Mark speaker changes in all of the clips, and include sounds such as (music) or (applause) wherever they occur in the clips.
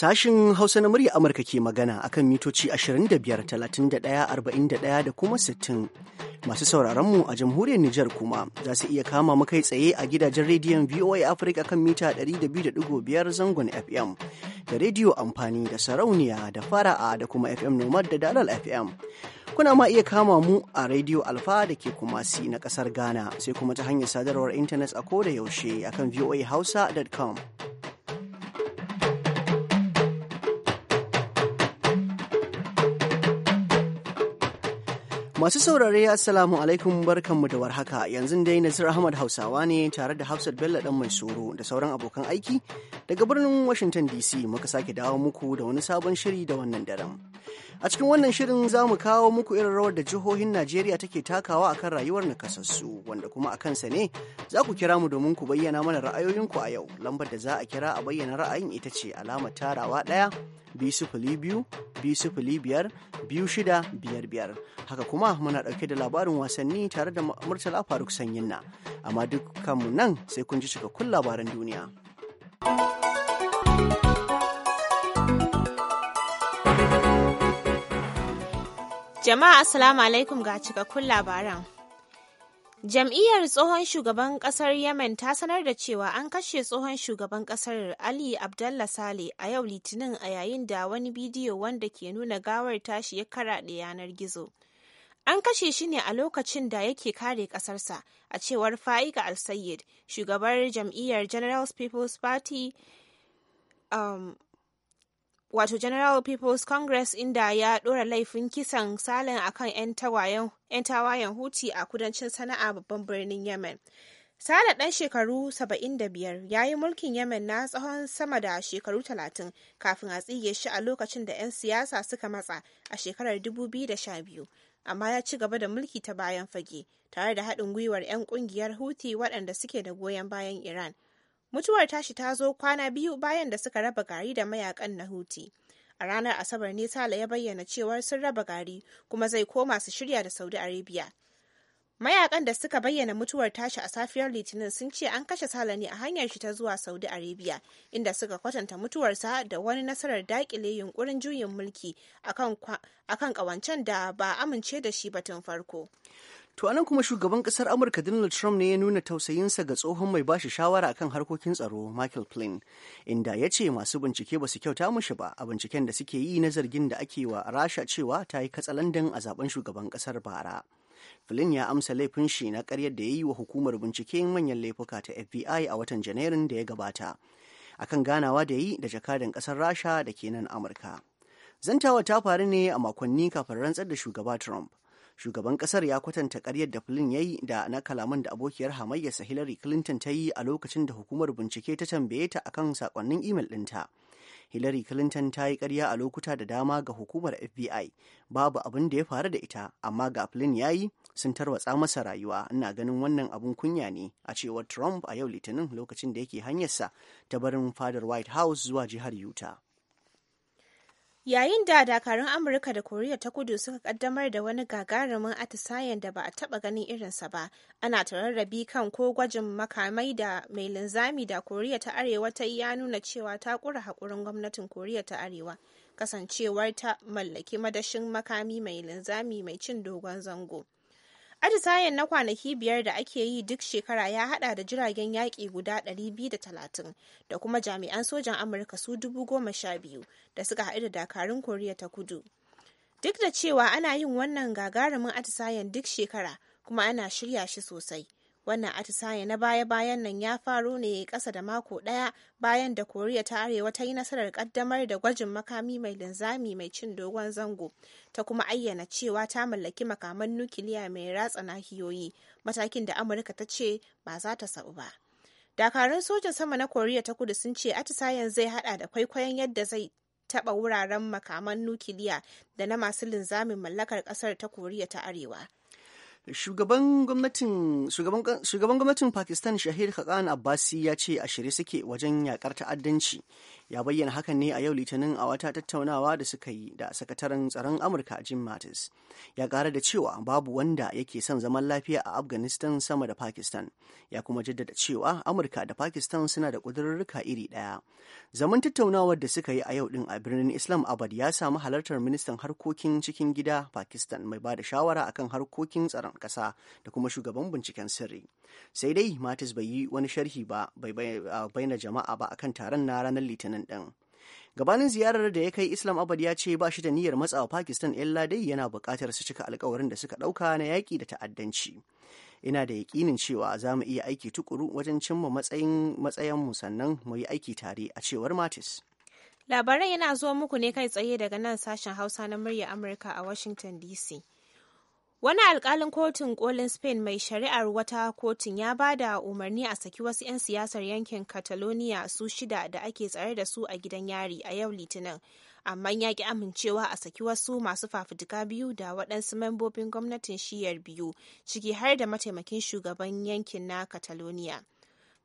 Speaker 1: Sashin Hausa na murya Amurka ke magana akan mitoci 25, 31, 41 da kuma 60. Masu sauraronmu a jamhuriyar Nijar kuma za su iya kama mu tsaye a gidajen rediyon VOA Africa kan mita 200.5 zangon FM da rediyo amfani da sarauniya da fara'a da kuma FM Nomad da Dalal FM. Kuna ma iya kama mu a rediyo Alfa da ke kuma si na kasar Ghana sai kuma ta hanyar sadarwar intanet a koda yaushe akan voahausa.com. Masu saurare Assalamu alaikum barkanmu da warhaka yanzu dai nasir Ahmad Hausawa ne tare da Hafsat Bello dan mai soro da sauran abokan aiki daga birnin Washington DC muka sake dawo muku da wani sabon shiri da wannan daren. A cikin wannan shirin za mu kawo muku irin rawar da jihohin Najeriya take takawa akan rayuwar nakasassu wanda kuma a kansa ne za ku kira mu domin ku bayyana mana ra'ayoyinku a yau. Lambar da za a kira a bayyana ra'ayin ita ce alamar tarawa ɗaya biyu fili biyu sifili biyar biyu shida biyar biyar. Haka kuma muna ɗauke da labarin wasanni tare da Murtala Faruk sanyin na Amma dukkanmu nan sai kun ji cikakkun labaran duniya.
Speaker 2: Jama'a Assalamu alaikum ga cikakkun labaran. Jam'iyyar tsohon shugaban kasar Yemen ta sanar da cewa an kashe tsohon shugaban kasar Ali Abdullah Saleh a yau Litinin a yayin da wani bidiyo wanda ke nuna gawar tashi ya kara karaɗe yanar gizo. An kashe shi ne a lokacin da yake kare kasarsa a cewar Fa'iga Al-Sayyid, shugabar jam'iyyar General People's Party um, wato General People's Congress inda ya dora laifin kisan Salin akan 'yan tawayen Huti a kudancin sana'a babban birnin Yemen. Sale dan shekaru 75 ya yi mulkin Yemen na tsawon sama da shekaru 30 kafin a tsige shi a lokacin da 'yan siyasa suka matsa a shekarar 2012, amma ya ci gaba da mulki ta bayan fage tare da haɗin gwiwar 'yan ƙungiyar huti waɗanda suke da goyon bayan Iran. Mutuwar tashi ta zo kwana biyu bayan da suka raba gari da mayakan na huti; A ranar Asabar ne Sale ya bayyana cewa sun raba gari kuma zai koma su shirya da Saudi Arabia. Mayakan da suka bayyana mutuwar tashi a safiyar Litinin sun ce an kashe Sale ne a hanyar shi ta zuwa Saudi Arabia, inda suka kwatanta mutuwarsa da wani nasarar dakile yunkurin juyin mulki akan kawancen da ba amince da shi ba tun farko.
Speaker 1: To anan kuma shugaban kasar Amurka Donald Trump ne ya nuna tausayinsa ga tsohon mai bashi shawara akan harkokin tsaro Michael Flynn, inda ya ce masu bincike ba su kyauta mushi ba a binciken da suke yi na zargin da ake wa Rasha cewa ta yi katsalandan a zaben shugaban kasar bara. Flynn ya amsa laifin shi na karyar da ya yi wa hukumar binciken manyan laifuka ta FBI a watan Janairun da ya gabata, akan ganawa da yi da jakadan kasar Rasha da ke nan Amurka. Zantawa ta faru ne a makonni kafin rantsar da shugaba Trump. shugaban kasar ya kwatanta karyar da flynn ya yi da na kalaman da abokiyar hamayyarsa hillary clinton ta yi a lokacin da hukumar bincike ta tambaye ta akan sakonnin imel ɗinta hillary clinton ta yi karya a lokuta da dama ga hukumar fbi babu abin da ya faru da ita amma ga flynn ya yi sun tarwatsa masa rayuwa ina ganin wannan abun kunya ne a cewar trump a yau litinin lokacin da yake hanyarsa ta barin fadar white house zuwa jihar utah
Speaker 2: Yayin da dakarun Amurka da Koriya ta Kudu suka kaddamar da wani gagarumin atisayen da ba a taba ganin irinsa ba, ana tararrabi kan ko gwajin makamai da mai linzami da Koriya ta Arewa ta yi ya nuna cewa ta kura haƙurin gwamnatin Koriya ta Arewa, kasancewar ta mallaki madashin makami mai linzami mai cin dogon zango. Atisayen na kwanaki biyar da ake yi duk shekara ya hada da jiragen yaƙi guda 230 da kuma jami'an sojan Amurka su 12,000 da suka haɗu da dakarun Koriya ta Kudu. Duk da cewa ana yin wannan gagarumin atisayen duk shekara kuma ana shirya shi sosai, Wannan atisaye na baya-bayan nan ya faru ne kasa da mako ɗaya bayan da Koriya ta Arewa ta yi nasarar kaddamar da gwajin makami mai linzami mai cin dogon zango, ta kuma ayyana cewa ta mallaki makaman nukiliya mai ratsa nahiyoyi, matakin da Amurka ta ce ba za ta sau ba. Dakarun sojan sama na Koriya ta Kudu sun ce atisayen zai hada da kwaikwayon yadda zai taba wuraren makaman nukiliya da na masu linzamin mallakar kasar ta Koriya ta Arewa.
Speaker 1: Shugaban gwamnatin Pakistan Shahid Haqqan Abbasi ya ce a shirye suke wajen yakar ta'addanci ya bayyana hakan ne a yau litinin a wata tattaunawa da suka yi da sakataren tsaron amurka jim mattis ya kara da cewa babu wanda yake son zaman lafiya a afghanistan sama da pakistan ya kuma jaddada cewa amurka da pakistan suna da ƙudurruka iri ɗaya zaman tattaunawar da suka yi a yau din a birnin islam abad ya samu halartar ministan harkokin cikin gida pakistan mai ba da shawara akan harkokin tsaron ƙasa da kuma shugaban binciken sirri sai dai mattis bai yi wani sharhi ba bai bayyana jama'a ba akan taron na ranar litinin pakistan ɗin gabanin ziyarar da ya kai islam abad ya ce ba shi da niyyar matsawa pakistan 'yan ladai yana buƙatar su cika alkawarin da suka ɗauka na yaƙi da ta'addanci ina da yaƙinin cewa za mu iya aiki tukuru wajen cimma matsayin mu sannan mu yi aiki tare a cewar matis
Speaker 2: labaran yana zuwa muku ne kai tsaye daga nan sashen hausa na murya amurka a washington dc Wani alkalin kotun kolin Spain mai shari'ar wata kotun ya ba da umarni a saki wasu 'yan siyasar yankin Catalonia su shida da ake tsare da su a gidan yari a yau Litinin, amma ya ki amincewa a saki wasu masu fafutuka biyu da waɗansu membobin gwamnatin shiyar biyu, ciki har da mataimakin shugaban yankin na Catalonia.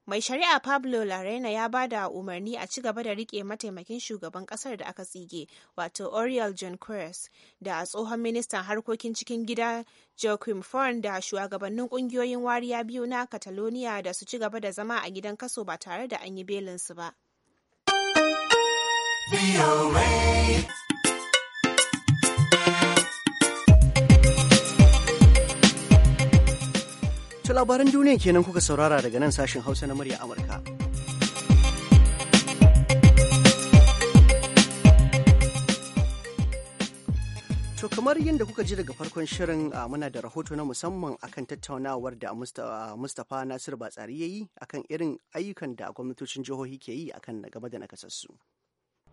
Speaker 2: mai shari'a pablo larena ya ba da umarni a ci gaba da rike mataimakin shugaban kasar da aka tsige wato oriel john Cruz, da tsohon ministan harkokin cikin gida joaquim forn da shugabannin kungiyoyin wariya biyu na catalonia da su ci gaba da zama a gidan kaso ba tare da an yi belinsu ba.
Speaker 1: To labaran duniya kenan kuka saurara daga nan sashen Hausa na murya Amurka. To kamar yadda kuka ji daga farkon shirin muna da rahoto na musamman akan tattaunawar da Mustapha Nasiru Batsari ya yi akan irin ayyukan da gwamnatocin jihohi ke yi akan game da nakasassu.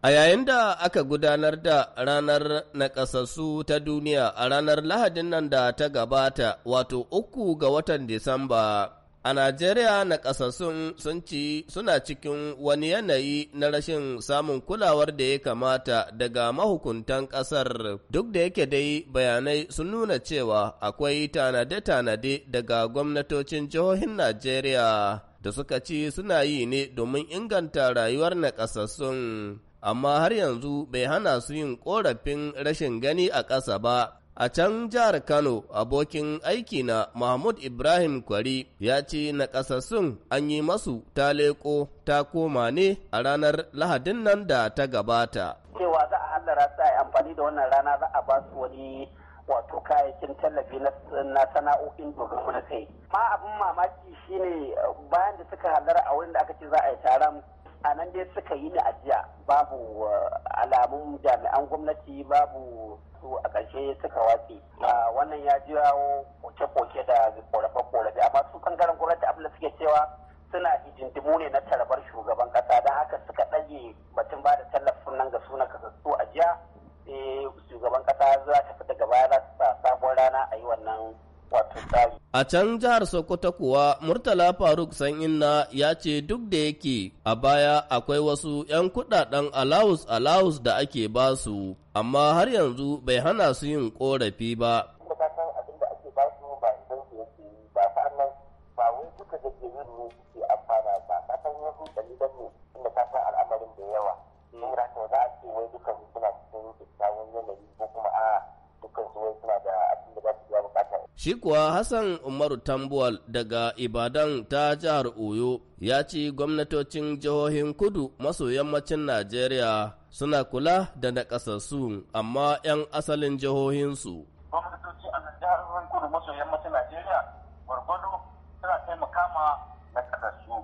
Speaker 3: A yayin da aka gudanar da ranar nakasassu ta duniya a ranar Lahadin nan da ta gabata, wato uku ga watan Disamba, a Najeriya nakasassun sun ci suna cikin wani yanayi na rashin samun kulawar da ya kamata daga mahukuntan ƙasar duk da yake dai bayanai sun nuna cewa akwai tanade-tanade daga gwamnatocin jihohin Najeriya da suka ci suna yi ne domin inganta rayuwar nakasassun. amma har yanzu bai hana su yin korafin rashin gani a ƙasa ba. A can jihar Kano, abokin aiki na Mahmud Ibrahim Kwari ya ce na ƙasa sun an yi masu ta leƙo ta koma ne a ranar Lahadin nan da ta gabata.
Speaker 4: Cewa za a hallara su a amfani da wannan rana za a ba su wani wato kayayyakin tallafi na sana'o'in dogon da kai. Ma abin mamaki shine bayan da suka hallara a wurin da aka ce za a yi taron a nan dai suka yi ajiya babu uh, alamun jami'an gwamnati babu su a ƙarshe suka watse mm. ah, wannan ya jirawo koke-koke da korafe-korafe amma su bangaren gwamnati abin da suke cewa suna hijindimu ne na tarbar shugaban ƙasa, don haka suka ɗage batun ba da tallafin nan ga suna kasassu a jiya eh, shugaban ƙasa za ta fita gaba za ta sa sabon rana a yi wannan
Speaker 3: A can jihar Sokoto kuwa Murtala Faruk Inna ya ce duk da yake a baya akwai wasu 'yan kudaden alawus alawus da ake basu amma har yanzu bai hana su yin korafi ba. Shi kuwa Hassan Umaru Tambuwal daga Ibadan ta jihar Oyo ya ci gwamnatocin jihohin kudu maso yammacin Najeriya suna kula da nakasassu amma 'yan asalin jihohinsu. Gwamnatoci a jihohin kudu maso
Speaker 5: yammacin Najeriya gwargwado suna taimaka ma nakasassu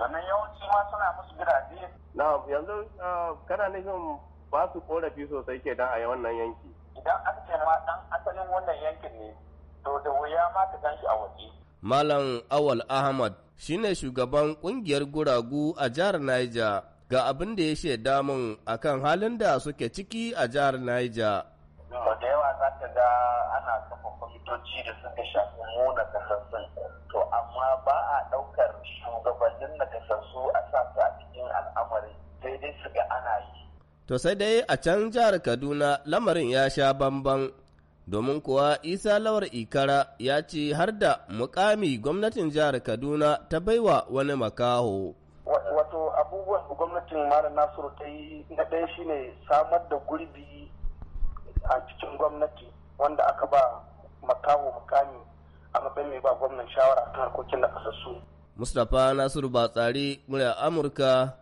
Speaker 5: domin yawanci ma suna musu gidaje. Na yanzu ah, kana nufin ba su korafi sosai ke dan a wannan yanki. Idan an ce ma dan asalin wannan yankin ne to wuya ma ta gan a waje.
Speaker 3: Malam Awal Ahmad shi ne shugaban kungiyar guragu a jihar Niger ga abin da ya shaida mun akan halin da suke ciki a jihar Niger.
Speaker 4: To da yawa
Speaker 5: za ka ga ana kafa kwamitoci da suka shafi mu na kasassun
Speaker 4: to amma ba a ɗaukar shugabannin na kasassu a sa a cikin al'amari sai dai su ga ana yi.
Speaker 3: To sai dai a can jihar Kaduna lamarin ya sha bambam. domin kuwa isa lawar ikara ya ce har da mukami gwamnatin jihar kaduna ta baiwa wani makaho wato
Speaker 5: abubuwan gwamnatin mara nasiru ta yi na ɗaya shine samar da gurbi a cikin gwamnati wanda aka ba makaho mukami a matsayin mai ba gwamnan shawara
Speaker 6: kan harkokin da kasassu
Speaker 3: mustapha nasiru ba batsari murya amurka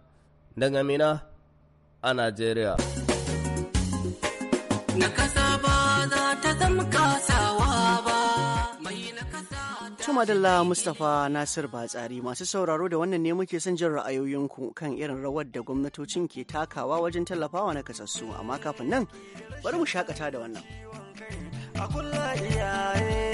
Speaker 3: daga mina a najeriya
Speaker 7: na Tuma kasawa
Speaker 1: Mustapha Nasir Batsari masu sauraro da wannan ne muke son jin ra'ayoyinku kan irin rawar da gwamnatocin ke takawa wajen tallafawa na kasassu amma kafin nan bari mu shakata da wannan. iyaye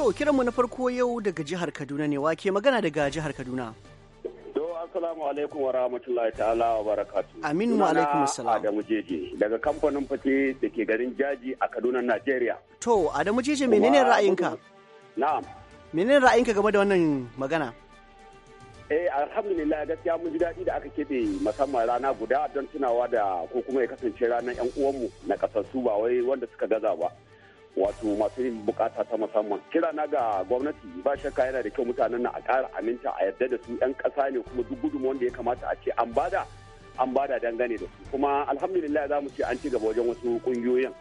Speaker 1: To kiranmu na farko yau daga jihar Kaduna ne wake magana daga jihar Kaduna.
Speaker 4: Do assalamu alaikum wa rahmatullahi ta'ala wa barakatu. Amin wa alaikum assalam. Adamu Jeje daga kamfanin fate da ke garin Jaji a Kaduna Najeriya.
Speaker 1: To Adamu Jeje menene ra'ayinka? Na'am. Menene ra'ayinka game da wannan magana?
Speaker 4: eh alhamdulillah gaskiya mun ji daɗi da aka keɓe musamman rana guda don tunawa da ko kuma ya kasance ranar 'yan uwanmu na ƙasar su ba wai wanda suka gaza ba wato masu yin bukata ta musamman kira na ga gwamnati ba shakka yana da kyau mutanen na a ƙara aminta a yarda da su yan ƙasa ne kuma duk gudun wanda ya kamata a ce an bada an bada dangane da su kuma alhamdulillah za mu ce an ci gaba wajen wasu ƙungiyoyin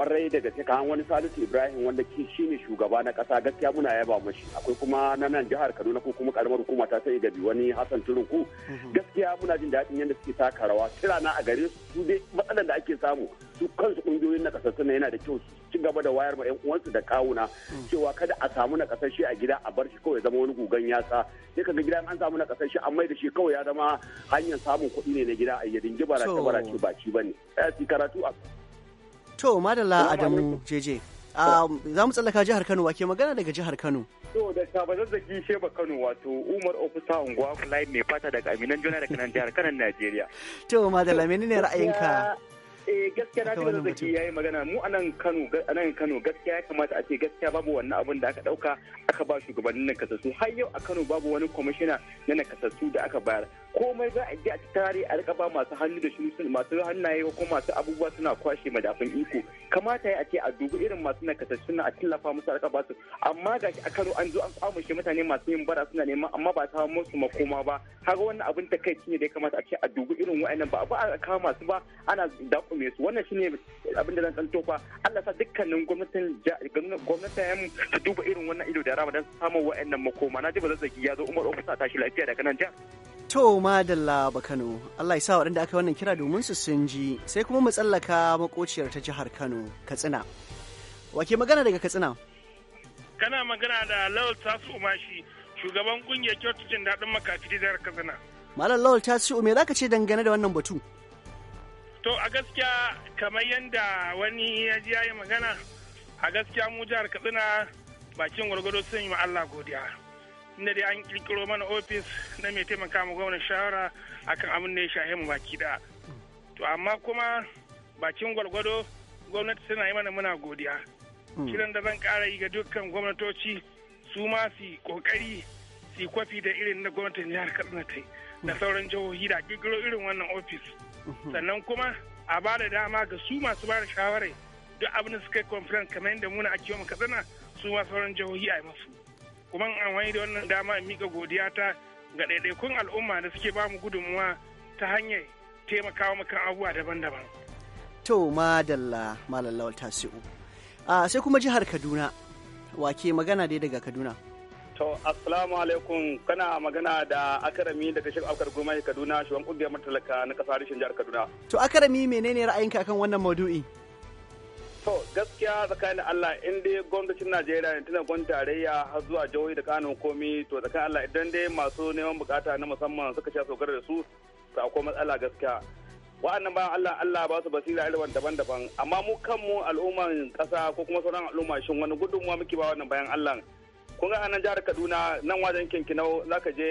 Speaker 4: kwarai da gaske kan wani salisu ibrahim wanda shi ne shugaba na kasa gaskiya muna yaba mashi akwai kuma na nan jihar kaduna ko kuma karamar hukuma ta sai gabi wani hassan turunku mhm. gaskiya muna jin daɗin yadda suke taka rawa na a gare su dai matsalar da ake samu su kansu kungiyoyin na kasar yana da kyau su ci gaba da wayar ma yan uwansu da kawuna mm. cewa kada a samu na shi a gida a bar shi kawai zama wani gugan yatsa sai kaga gidan an samu na kasashe an mai da shi kawai ya zama hanyar samun kuɗi ne na gida a yadin jibara ta bara ce ba ci bane ne. karatu
Speaker 1: To, Madalla Adamu Jeje. Ah, za mu tsallaka jihar Kano, wake magana daga jihar Kano.
Speaker 4: To, da shabazazzaki Sheba Kano wato Umar Ofisa Unguwa
Speaker 5: Kulai mai fata daga Aminan juna daga nan jihar Kano, Najeriya.
Speaker 1: (laughs) To, Madalla, menene ra'ayinka? eh
Speaker 5: gaskiya na tabbata da ke yayi magana mu anan Kano anan Kano gaskiya ya kamata a ce gaskiya babu wannan abun da aka dauka aka ba shugabannin nakasassu har yau a Kano babu wani kwamishina na nakasassu da aka bayar komai za a je a tare a rika ba masu hannu da shi masu hannaye ko masu abubuwa suna kwashe madafin iko kamata ya a ce a dubi irin masu nakasassu na a tallafa musu a rika ba su amma gashi a Kano an zo an kwamushe mutane masu yin bara suna neman amma ba ta musu makoma ba har wannan abin takaici ne da ya kamata a ce a dubi irin wa'annan ba ba a kama su ba ana dakon mai su wannan shine abin da zan san fa Allah sa dukkanin gwamnatin gwamnatin su duba irin wannan ido da rama don samun wa'annan makoma na ji ba zazzagi ya zo Umar a tashi lafiya daga nan
Speaker 1: jihar. To madalla ba Kano, Allah ya sa waɗanda aka wannan kira domin su sun ji sai kuma mu tsallaka makociyar ta jihar Kano, Katsina. Wake magana daga Katsina?
Speaker 8: Kana magana da Lawal Tasu Umashi, shugaban kungiyar kyaututun daɗin makafi da jihar Katsina.
Speaker 1: Malam Lawal Tasu, me za ka ce dangane da wannan batu?
Speaker 8: To a gaskiya kamar yadda wani ya ji ya yi magana a gaskiya mu jihar Katsina bakin gwargwado sun yi ma Allah godiya. Inda dai an kirkiro mana ofis na mai taimaka ma gwamnan shawara akan abin da ya shahe mu baki da. To amma kuma bakin gwargwado gwamnati suna yi mana muna godiya. Hmm. Kiran da zan kara yi ga dukkan gwamnatoci su ma su kokari su kwafi da irin na gwamnatin jihar Katsina ta da hmm. sauran jihohi da kirkiro irin wannan ofis. Mhm. sannan kuma a ba da dama ga su masu ba da shawarai duk abin da suka yi kwamfiran kamar yadda muna ake mu katsina su ma sauran jihohi a yi masu kuma an wani da wannan dama in mika godiya ta ga ɗaiɗaikun al'umma da suke bamu gudunmuwa ta hanyar taimakawa kan abubuwa daban-daban.
Speaker 1: To madalla ah, sai kuma jihar Kaduna, wake magana dai daga Kaduna.
Speaker 5: To, assalamu alaikum kana magana da akarami daga shirin afkar goma Kaduna shugaban kungiyar matalaka na kasa harshen jihar Kaduna.
Speaker 1: To, akarami menene ra'ayinka akan wannan maudu'i?
Speaker 5: To, gaskiya tsakanin Allah in dai gwamnatin Najeriya ne tana gwamnatin tarayya har zuwa jihohi da kanun komi to tsakanin Allah idan dai masu neman bukata na musamman suka sha sokar da su to akwai matsala gaskiya. wa'annan bayan Allah Allah ba su basira irin daban-daban amma mu kanmu al'umman kasa ko kuma sauran al'umma shin wani gudunmuwa muke ba wannan bayan Allah kun ga anan jihar kaduna nan wajen kinkinau za ka je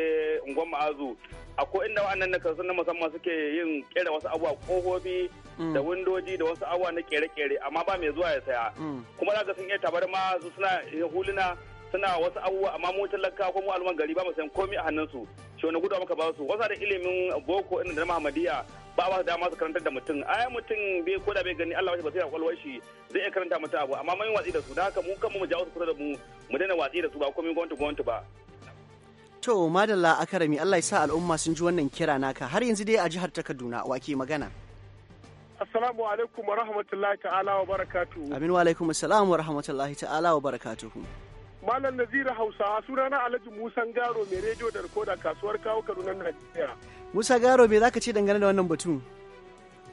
Speaker 5: unguwar ma'azu akwai inda wa'annan nakasun na musamman suke yin kera wasu abubuwa kofofi mm. da windoji da wasu abubuwa na kere-kere amma ba mai zuwa ya saya mm. kuma za ka sun iya tabarma ma suna eh, huluna suna wasu abubuwa amma mu talaka ko mu alman gari ba mu san komai a hannunsu shi wani gudu muka ba su wasa da ilimin boko inda da mahamadiya ba ba dama su karantar da mutum ai mutum bai ko da bai gani Allah ba sai kwalwar shi zai iya karanta mutum abu amma mun watsi da su da haka mu kanmu mu jawo su kusa da mu mu daina watsi da su ba komai gwamnati gwamnati ba
Speaker 1: to madalla akarami Allah ya sa al'umma sun ji wannan kira naka har yanzu dai a jihar ta Kaduna wake magana
Speaker 9: Assalamu alaikum wa rahmatullahi ta'ala wa barakatuhu. Amin
Speaker 1: wa alaikum assalam wa rahmatullahi ta'ala wa barakatuhu.
Speaker 9: Malam Naziru Hausawa sunana Alhaji Musa Garo mai rediyo da rikoda kasuwar kawo Kaduna Najeriya.
Speaker 1: Musa Garo me zaka ce dangane da wannan batu?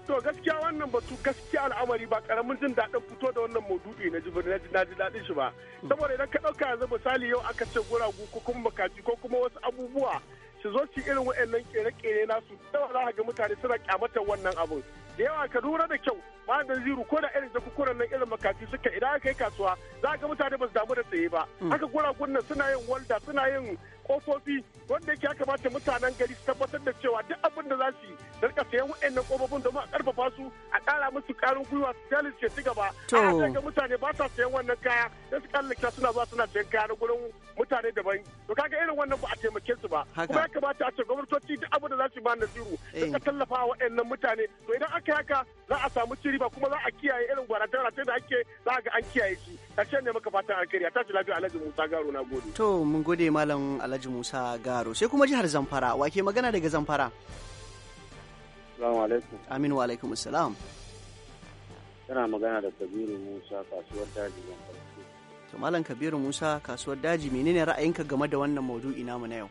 Speaker 9: To gaskiya wannan batu gaskiya al'amari ba karamin jin daɗin fito da wannan maudu'i na jibin na ji daɗin shi ba. Saboda idan ka ɗauka yanzu misali yau aka ce guragu ko kuma makaci ko kuma wasu abubuwa su zo su irin waɗannan kere-kere nasu. Yawa za ka ga mutane suna kyamatar wannan abun. da yawa ka lura da kyau malam ziru ko da irin jakukunan nan irin makafi suka idan aka yi kasuwa za ga mutane ba su damu da tsaye ba mm. haka guragun nan suna yin walda suna yin kofofi wanda yake ya kamata mutanen gari su tabbatar da cewa duk abin da za su yi da rika sayan wa'annan kofofin domin a karfafa su a kara musu karin gwiwa su jalice ci gaba a ga mutane ba sa sayan wannan kaya da su ka suna zuwa suna sayan kaya na gurin mutane daban to kaga irin wannan ba a taimake su ba kuma ya kamata a ce gwamnatoci duk abin da za su ba na siru suka eh. tallafa wa'annan mutane to idan aka yi haka za a samu ciri ba kuma za a kiyaye irin gwaratar da ake za a ga an kiyaye shi ƙarshen ne maka fatan alkhairi a tashi lafiya alhaji musa garo na gode
Speaker 1: to mun gode malam Alhaji Musa Garo sai kuma jihar Zamfara wake magana daga Zamfara
Speaker 9: Salamu alaikum
Speaker 1: Aminu alaikum salam
Speaker 4: Tana magana da Kabiru Musa kasuwar daji Zamfara
Speaker 1: To Malam Kabiru Musa kasuwar daji menene ra'ayinka game da wannan maudu'i namu na yau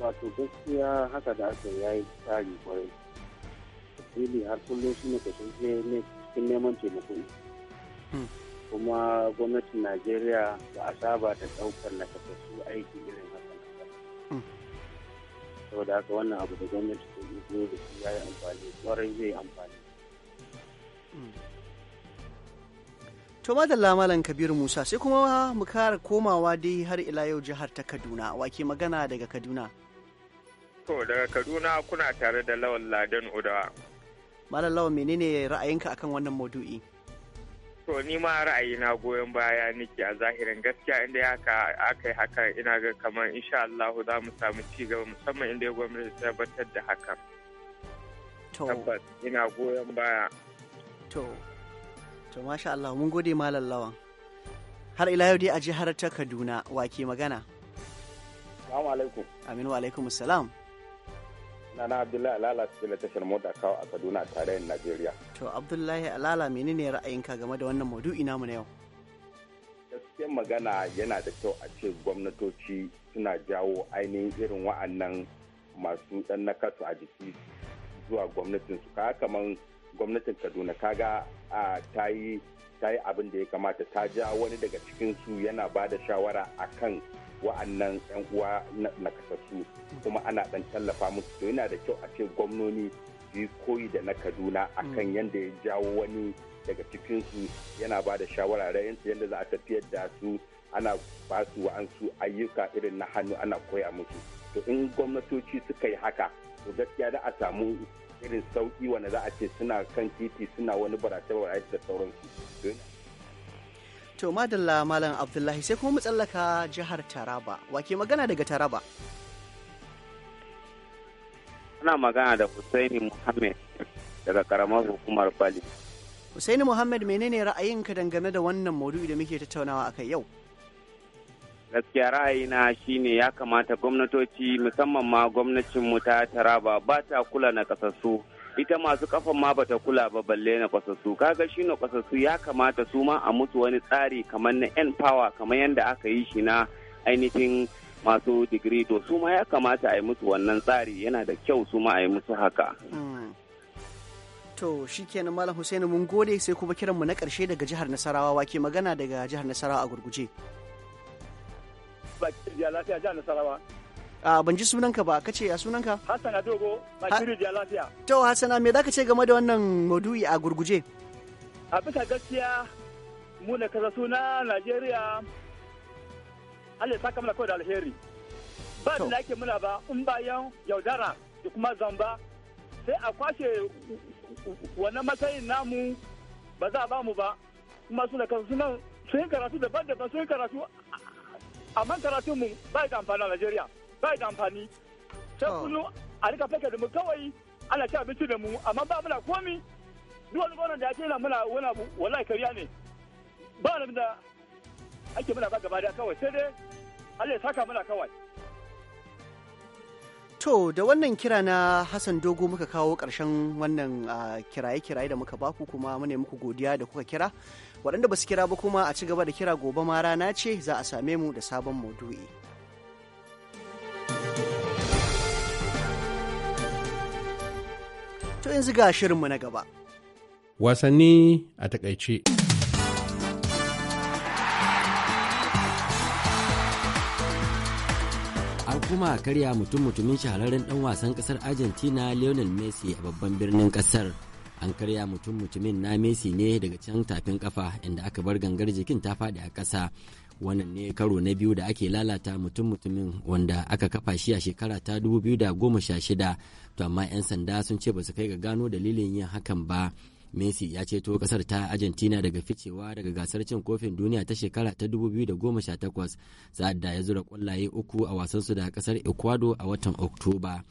Speaker 4: Wato gaskiya haka da aka yayi tsari kwarai Fili har kullum shi ne kashin ne cikin neman taimako hmm. kuma gwamnatin najeriya ba a saba ta ɗaukar na aiki irin haka hmm. saboda haka wannan abu da gwamnati ta zo da su ya yi amfani kwarai zai amfani
Speaker 1: hmm. to madalla malam kabiru musa sai kuma mu kara komawa dai har ila yau jihar ta kaduna wake magana daga kaduna
Speaker 8: to daga kaduna kuna tare da lawan ladan udawa
Speaker 1: malam lawan menene ra'ayinka akan wannan maudu'i
Speaker 8: to ni ma ra'ayi na goyon baya nake a zahirin gaskiya inda haka aka yi haka ina ga kamar insha Allah za mu samu ci gaba musamman inda ya gwamnati ta tabbatar da haka. Tabbas ina goyon baya.
Speaker 1: To, to masha Allah mun gode malam lawan. Har ila yau dai a jihar ta Kaduna wa ke magana? Assalamu alaikum. Aminu alaikum salam.
Speaker 4: Nana Abdullahi Alala cikin tashar mota kawo a Kaduna tarayyar Najeriya.
Speaker 1: To Abdullahi Alala menene ra'ayinka game da wannan maudu'i namu na yau?
Speaker 4: Gaskiyar magana yana da kyau a ce gwamnatoci suna jawo ainihin irin wa'annan masu ɗan nakasu a jiki zuwa gwamnatin su ka kamar gwamnatin Kaduna kaga a ta yi abin da ya kamata ta ja wani daga cikin su yana ba da shawara akan wa'annan 'yan uwa na kasassu kuma ana dan tallafa musu to yana da kyau a ce gwamnoni yi koyi da na kaduna akan mm. yadda ya jawo wani daga cikin su yana ba da shawara ra'ayinsu yadda za a tafiyar da su ana ba su wa'ansu ayyuka irin na hannu ana koya musu to in gwamnatoci suka yi haka to gaskiya da a samu irin sauki wanda za a ce suna kan titi suna wani barace-barace da sauransu
Speaker 1: To madalla Malam Abdullahi sai kuma mu tsallaka jihar Taraba. Wake magana daga Taraba?
Speaker 5: Ana magana da Husaini Muhammad daga karamar hukumar Bali.
Speaker 1: Husaini Muhammad menene ra'ayinka dangane da wannan maudu'i da muke tattaunawa a kai yau?
Speaker 5: Gaskiya ra'ayina shine ya kamata gwamnatoci musamman ma mu ta Taraba ba ta kula na kasassu. ita masu kafan ma bata kula ba balle na kwasassu kaga shi na kwasassu ya kamata su ma a musu wani tsari kamar na n power kamar yadda aka yi shi na ainihin masu digiri to su ma ya kamata a yi musu wannan tsari yana da kyau su ma a yi musu haka
Speaker 1: hmm. to shikenan malam Hussein mun gode sai kuma kiranmu na karshe daga jihar Nasarawa wake magana daga jihar Nasarawa a gurguje.
Speaker 5: lafiya jihar Nasarawa.
Speaker 1: ban ji sunanka ba kace ya sunanka
Speaker 5: hassana dogo bashiru ja lafiya
Speaker 1: to hassana me ka ce game da wannan maudu'i a gurguje
Speaker 5: a bisa gaskiya mu da kasa suna najeriya allah ya saka mana kawai da alheri ba da ake muna ba in bayan yaudara da kuma zamba sai a kwashe wannan matsayin namu ba za a ba mu ba kuma suna kasa suna sun karatu daban-daban sun karatu amma karatun mu ba ga amfani a najeriya bai da amfani sai oh. kullum a rika fake da mu kawai ana ci abinci da mu amma ba muna komi duk wani gwamnati da ya ce yana muna wani abu wallahi kariya ne ba wani da ake muna ba gaba da kawai sai dai Allah ya saka muna kawai
Speaker 1: To da wannan kira na Hassan Dogo muka kawo ƙarshen wannan kiraye-kiraye da muka baku kuma mune muku godiya da kuka kira. Waɗanda ba su kira ba kuma a ci gaba da kira gobe ma rana ce za a same mu da sabon maudu'i. To yanzu ga shirinmu na gaba.
Speaker 6: Wasanni a takaice.
Speaker 7: An kuma karya mutum-mutumin shahararren ɗan wasan ƙasar Argentina Lionel Messi a babban birnin ƙasar. An karya mutum-mutumin na Messi ne daga can tafin ƙafa inda aka bar gangar jikin ta faɗi a ƙasa. wannan ne karo na biyu da ake lalata mutum mutumin wanda aka kafa shi a shekara ta 2016 to amma 'yan sanda sun ce ba su kai ga gano dalilin yin hakan ba messi ya ceto kasar ta argentina daga ficewa daga gasar cin kofin duniya ta shekara ta 2018 sa'ad da ya zura kwallaye uku a wasansu da kasar ecuador a watan oktoba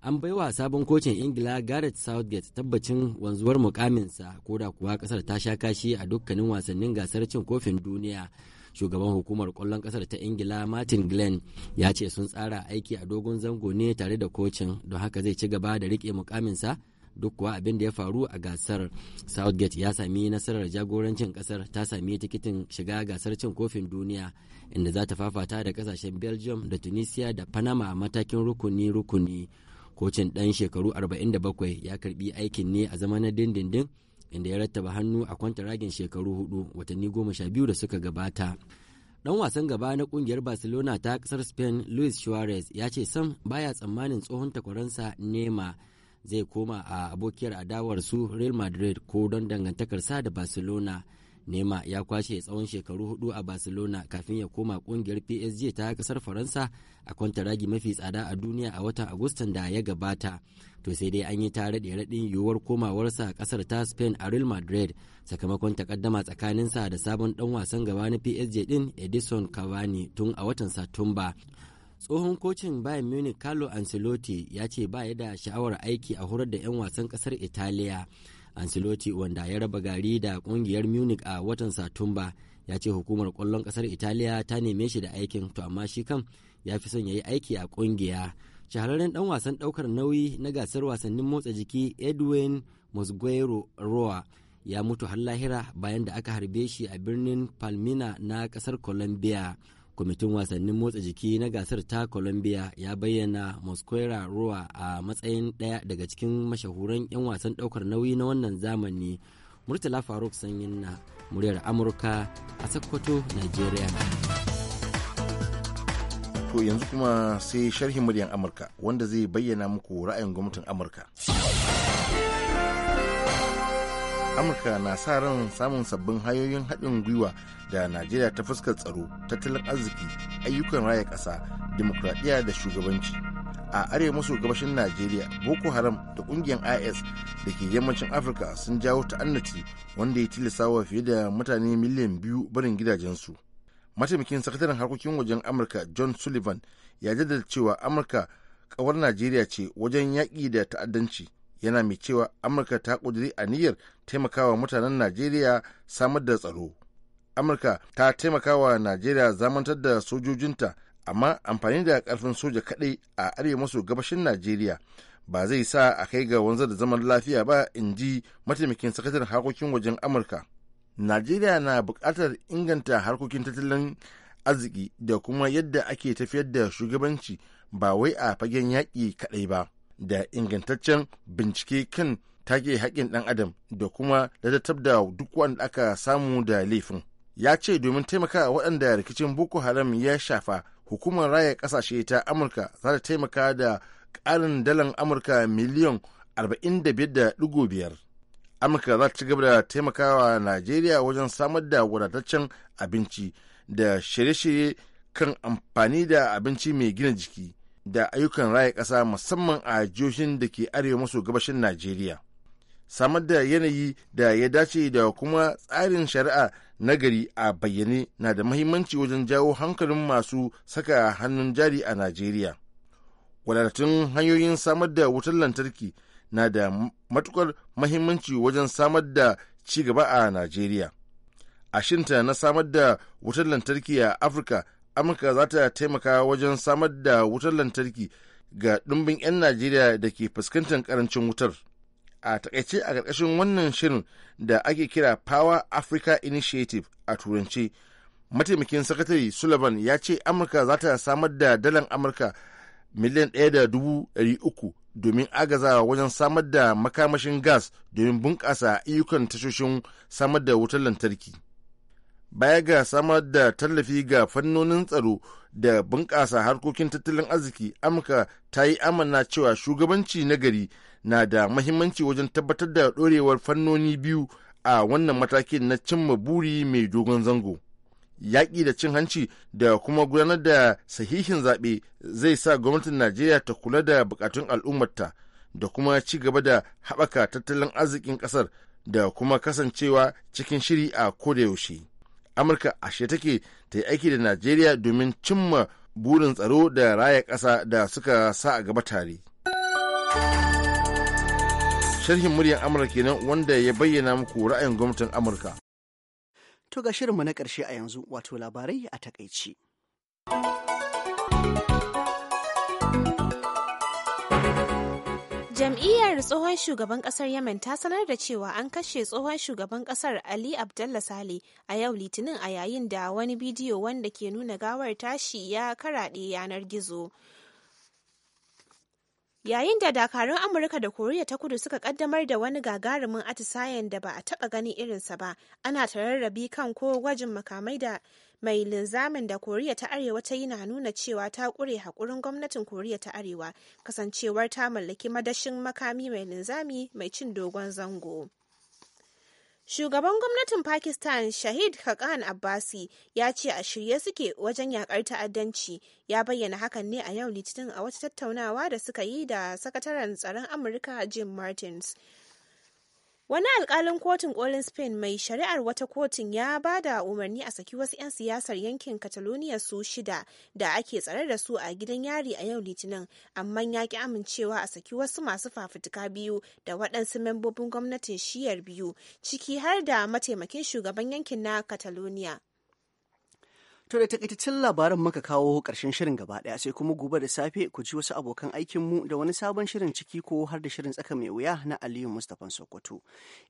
Speaker 7: an bai wa sabon kocin ingila gareth southgate tabbacin wanzuwar mukaminsa koda kuwa kasar ta sha kashi a dukkanin wasannin gasar cin kofin duniya shugaban hukumar kwallon kasar ta ingila martin glenn ya ce sun tsara aiki a dogon zango ne tare da kocin don haka zai ci gaba da rike mukaminsa duk kuwa abin da ya faru a gasar southgate ya sami nasarar jagorancin kasar ta sami tikitin shiga gasar cin kofin duniya inda za ta fafata da kasashen belgium da tunisia da panama matakin rukuni-rukuni kocin ɗan shekaru 47 ya karbi aikin ne a zama na dindindin inda ya rattaba hannu a ragin shekaru hudu watanni goma sha biyu da suka gabata dan wasan gaba na kungiyar barcelona ta kasar spain luis suarez ya ce sam baya tsammanin tsohon takwaransa nema zai koma a abokiyar adawar su real madrid ko don dangantakarsa da barcelona nema ya kwashe tsawon shekaru hudu a barcelona kafin ya koma kungiyar psg ta kasar faransa a kwanta-ragi mafi tsada a duniya a watan agustan da ya gabata to sai dai an yi tare da raɗin yiwuwar komawarsa a ƙasar ta spain a real madrid sakamakon takaddama sa da sabon dan wasan gaba na psg din edison cavani tun a watan satumba tsohon kocin bayan munich carlo ancelotti ya ce ba ya da sha'awar aiki a horar da 'yan wasan kasar italiya ancelotti wanda ya raba gari da kungiyar munich a watan satumba ya ce hukumar kwallon kasar italiya ta neme shi da aikin to amma shi kam ya fi son ya yi aiki a kungiya shahararren dan wasan daukar nauyi na gasar wasannin motsa jiki edwin mosguero roa ya mutu har lahira bayan da aka harbe shi a birnin palmina na kasar colombia kwamitin wasannin motsa jiki na gasar ta colombia ya bayyana mosquera roa a matsayin ɗaya daga cikin mashahuran 'yan wasan ɗaukar nauyi na wannan zamani murtala faruk sanyin na muryar amurka a sokoto nigeria
Speaker 6: To yanzu kuma sai sharhin muryan Amurka wanda zai bayyana muku ra'ayin gwamnatin Amurka. Amurka na sa ran samun sabbin hanyoyin haɗin gwiwa da Najeriya ta fuskar tsaro, tattalin arziki, ayyukan raya ƙasa, dimokuraɗiyya da shugabanci. A arewa maso gabashin Najeriya, Boko Haram da ƙungiyar IS da ke yammacin Afirka sun jawo ta'annaci wanda ya tilasta wa fiye da mutane miliyan biyu barin gidajensu. mataimakin sakataren harkokin wajen amurka john sullivan ya jaddada cewa amurka kawar najeriya ce wajen yaƙi da ta'addanci yana mai cewa amurka ta ƙudiri niyyar taimakawa mutanen najeriya samar da tsaro amurka ta taimakawa najeriya zamantar da sojojinta amma amfani da karfin soja kaɗai a arewa maso gabashin najeriya ba zai sa a kai ga wanzar da zaman lafiya ba in ji mataimakin sakataren harkokin wajen amurka najeriya na bukatar inganta harkokin tattalin arziki da kuma yadda ake tafiyar da shugabanci ba wai a fagen yaƙi kaɗai ba da ingantaccen bincike kan take haƙƙin ɗan adam da kuma ladatar da duk wanda aka samu da laifin ya ce domin taimaka waɗanda rikicin boko haram ya shafa hukumar raya ƙasashe ta amurka za ta taimaka da ƙarin dalan amurka miliyan 45.5 amurka za ta ci gaba da taimakawa najeriya wajen samar da wadataccen abinci da shirye-shirye kan amfani da abinci mai gina jiki da ayyukan raya ƙasa musamman a jihohin da ke arewa maso gabashin najeriya samar da yanayi da ya dace da kuma tsarin shari'a na gari a bayyane na da mahimmanci wajen jawo hankalin masu saka hannun jari a najeriya wadatattun hanyoyin samar da wutar lantarki na da matukar mahimmanci wajen samar da ci gaba a Najeriya. A shinta na samar da wutar lantarki a Afirka, Amurka za ta taimaka wajen samar da wutar lantarki ga ɗumbin 'yan Najeriya da ke fuskantar karancin wutar. A takaice a ƙarƙashin wannan shirin da ake kira Power Africa Initiative a Turanci, mataimakin sakatari Sullivan ya ce Amurka za ta samar da dalan Amurka miliyan ɗaya da dubu ɗari uku domin agazawa wajen samar da makamashin gas domin bunƙasa ayyukan tashoshin samar da wutar lantarki. Baya ga samar da tallafi ga fannonin tsaro da bunƙasa harkokin tattalin arziki, Amurka ta yi amana cewa shugabanci na gari na da mahimmanci wajen tabbatar da ɗorewar fannoni biyu a wannan matakin na cimma buri mai dogon zango. yaƙi da cin hanci da kuma gudanar da sahihin zaɓe zai sa gwamnatin najeriya ta kula da buƙatun al'ummarta da kuma ci gaba da haɓaka tattalin arzikin ƙasar da kuma kasancewa cikin shiri a kodayaushe amurka ashe take ta yi aiki da najeriya domin cimma burin tsaro da raya ƙasa da suka sa a gaba tare sharhin muryar amurka kenan wanda ya bayyana muku ra'ayin gwamnatin amurka
Speaker 1: To ga shirinmu na ƙarshe a yanzu wato labarai a takaici.
Speaker 2: Jam'iyyar tsohon shugaban ƙasar Yemen ta sanar da cewa an kashe tsohon shugaban ƙasar Ali Abdullah Sale a yau Litinin a yayin da wani bidiyo wanda ke nuna gawar tashi ya karaɗe yanar gizo. Yayin da dakarun Amurka da Koriya ta kudu suka kaddamar da wani gagarumin atisayen da ba a taba ganin irinsa ba, ana tararrabi kan ko gwajin makamai da mai linzamin da koriya ta arewa ta yi na nuna cewa ta kure haƙurin gwamnatin koriya ta arewa kasancewar ta mallaki madashin makami mai linzami mai cin dogon zango Shugaban gwamnatin Pakistan Shahid Haqqan Abbasi ya ce a shirye suke wajen yakar ta'addanci ya bayyana hakan ne a yau litinin a wata tattaunawa da suka yi da sakataren tsaron Amurka Jim Martins. Wani alkalin kotun kolin Spain mai shari'ar wata kotun ya ba da umarni a saki wasu 'yan siyasar yankin Catalonia su shida da ake tsare da su a gidan yari a yau Litinin, amma ya ki amincewa a saki wasu masu fafutuka biyu da waɗansu membobin gwamnatin shiyar biyu, ciki har da mataimakin shugaban yankin na Catalonia. To
Speaker 1: da takaitaccen labaran muka kawo ƙarshen shirin gaba ɗaya sai kuma gobe da safe ku ji wasu abokan aikinmu da wani sabon shirin ciki ko har da shirin tsaka mai wuya na Aliyu Mustapha Sokoto.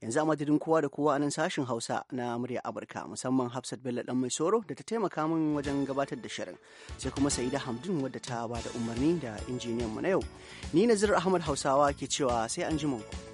Speaker 1: Yanzu a madadin kowa da kowa a nan sashen Hausa na murya Amurka musamman Hafsat Bello dan mai soro da ta taimaka min wajen gabatar da shirin. Sai kuma Saida Hamdin wadda ta bada umarni da injiniyan mu na yau. Ni Nazir Ahmad Hausawa ke cewa sai an ji ku.